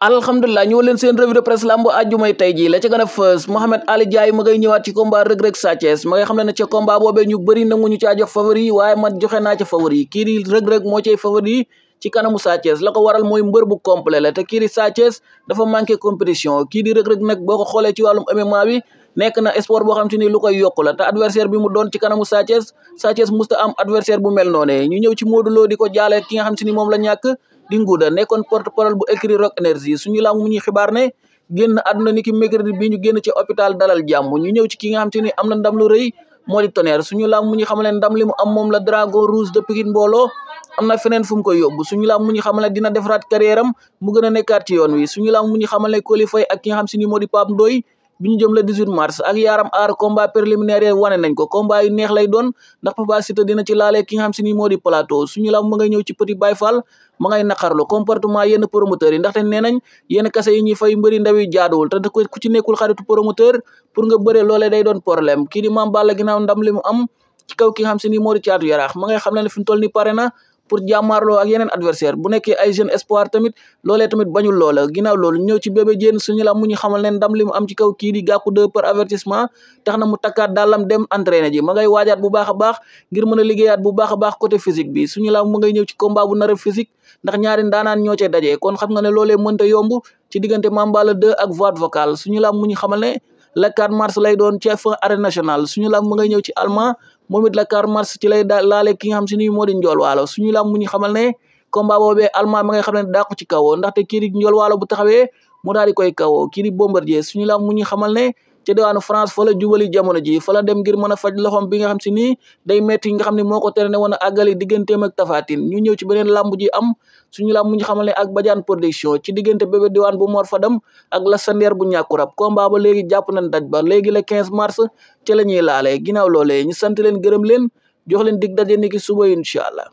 alhamdulilah ñëw leen seen revue de presse lamb ajjumay tey jii la ca gën a fës Mohamed Ali Diaye ma ngay ñëwaat ci combat Reug Reug Sa Thiès xam ne ne ca combat boobee ñu bëri nanguñu caa jox favori waaye man joxe naa ca favori kii di Reug Reug moo cay favori ci kanamu Sa Thiès la ko waral mooy mbër bu complet la te kii di Sa dafa manqué compétition kii di Reug Reug nag boo ko xoolee ci wàllum MMA bi nekk na sport boo xam te ni lu ko yokku la te adversaire bi mu doon ci kanamu Sa Thiès Sa Thiès am adversaire bu mel noonee ñu ñëw ci Modou Lo di ko jaale ki nga xam te ni moom la ñàkk di Ngouda nekkoon porte parole bu écrit Rock Énergie suñu laamu ñuy xibaar ne génn àdduna ni ki mercredi bi ñu génn ci hôpital dalal jàmm ñu ñëw ci ki nga xam te ni am na ndam lu rëy moo di Tonnerre suñu laam mu ñu xamal ne ndam li mu am moom la Dragon Rouge de Pikine mbooloo am na feneen fu mu koy yóbbu suñu laam mu ñu xamal ne dina defaraat carrière am mu gën a nekkaat ci yoon wi suñu lam mu ñu xamal ne qualifié ak ki nga xam si ni moo di bi ñu jëm le 18 mars ak yaaram aar combat préliminaire yi wane nañ ko combat yu neex lay doon ndax Papa Siteu dina ci laalee ki nga xam si ni di plateau suñu lam ma ngay ci Petit Baye Fall ma ngay naqarlu comportement yenn promoteurs yi ndaxte nee nañ yenn kase yi ñuy fay mbëri ndaw yi jaaduwul te ku ci nekkul xaritu promoteur pour nga bëre loolee day doon problème kii di Mame Balla ginnaaw ndam li mu am ci kaw ki xam si ni moo di caatu yaraax ma ngay xam ne fi ni pare na pour jàmmaarloo ak yeneen adversaire bu nekkee ay jeune espoir tamit loolee tamit bañul loola ginnaaw loolu ñëw ci bébé jéen suñu la mu ñu xamal ne ndam li mu am ci kaw kii di gàkku deux par avertissement tax na mu takkaat dàllam dem entraîné ji ma ngay waajaat bu baax a baax ngir mën a liggéeyaat bu baax a baax côté physique bi suñu la mu ngay ñëw ci combat bu physique ndax ñaari ndaanaan ñoo cee dajee kon xam nga ne loolee mënta yomb ci diggante Mambala 2 ak voix vocale suñu la mu ñu xamal le 4 mars lay doon ci fa arène nationale suñu lam mu ngay ñëw ci allemand moom it le 4 mars ci lay laale ki nga xam si ni moo di njool waalo suñu lam mu ñu xamal ne combat boobee allemand ma ngay xam ne dàqu ci kawoo ndaxte kii di njool waalo bu taxawee mu daal di koy kawoo kii di bombardier suñu lam mu ñu xamal ne ci diwaanu France fa la jubali jamono ji fa dem ngir mën a faj loxom bi nga xam si nii day metti nga xam ne moo ko tere ne woon a àggali tafaatin ñu ñëw ci beneen lamb ji am suñu làmb ñu xamal ne ak bajaan production ci diggante bébé diwaan bo Mor Fadam ak la sandeer bu ñàkkurab combat ba léegi jàpp nañ daj ba léegi le 15 mars ci la ñuy laalee ginnaaw loolee ñu sant leen gërëm leen jox leen dig daje niki suba incha allah